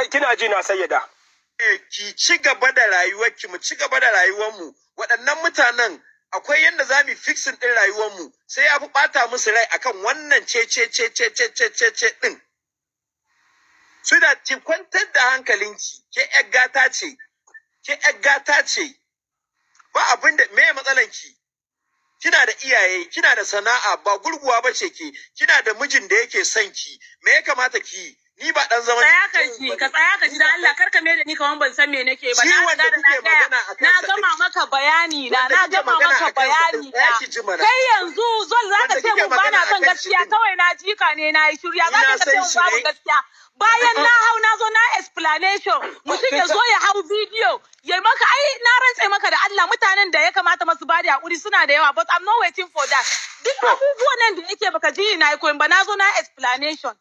kina ji na sayyada eh, ki ci gaba da rayuwar ki mu ci gaba da rayuwar mu waɗannan mutanen akwai yadda za mu fixin din rayuwar mu sai ya fi bata musu rai akan wannan ce ce ce ce ce ce ce ce din su da ki kwantar da hankalinki ke yar gata ce ke gata ce ba abin da me matsalan ki kina da iyaye kina da sana'a ba gurguwa ba ce ki. kina da mijin da yake son ki me ya kamata ki ni ba dan zaman tsaya ka ji ka tsaya ka ji da Allah kar ka mai da ni kaman ban san me nake ba na ga da na na gama maka bayani na na gama maka bayani na kai yanzu zan za ka ce mun bana son gaskiya kawai na ka ne na yi shirya za ka ce mun babu gaskiya bayan na hau na zo na explanation mutum ya zo ya hau bidiyo ya maka ai na rantse maka da Allah mutanen da ya kamata masu bada hakuri suna da yawa but I'm not waiting for that duk abubuwan nan da yake baka ji na yi koyon ba na zo na explanation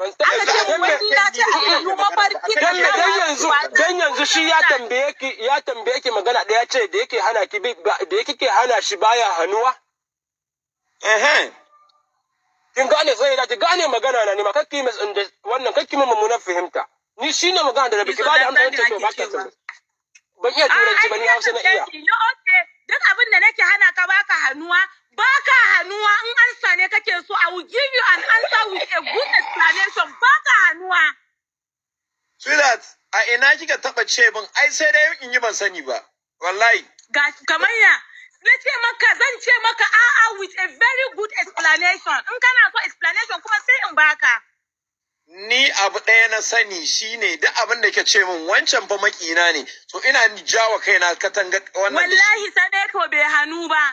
aka ce mu wai na ce a yanzu mafarki da dan yanzu dan yanzu shi ya tambaye ki ya tambaye ki magana daya ce da yake hana ki da yake ke hana shi baya hanuwa eh kin gane sai da ki gane magana na ne ma kakki mis inda wannan kakki mun mummunan fahimta ni shi ne magana da baki ba da amsa wancan to ba ka ban iya turanci ba ni Hausa na iya duk abin da nake hana ka baka hannuwa baka hannuwa in ansa ne kake so i will give you an answer Filat, a ina kika taba ce min ai sai dai in yi ban sani ba. Wallahi. Ga kamar ya na ce maka zan ce maka a'a with a very good explanation. In kana so explanation kuma sai in baka. Ni abu ɗaya na sani shine duk abin da ke ce min wancan fa makina ne. So ina ni jawa kaina katanga wannan. Wallahi to bai hannu ba.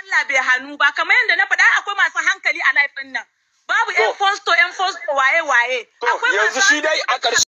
Allah bai hannu ba kamar yadda na faɗa akwai masu hankali a laifin nan. Babu 'yan fosto waye waye. yanzu shi dai a ƙarshe.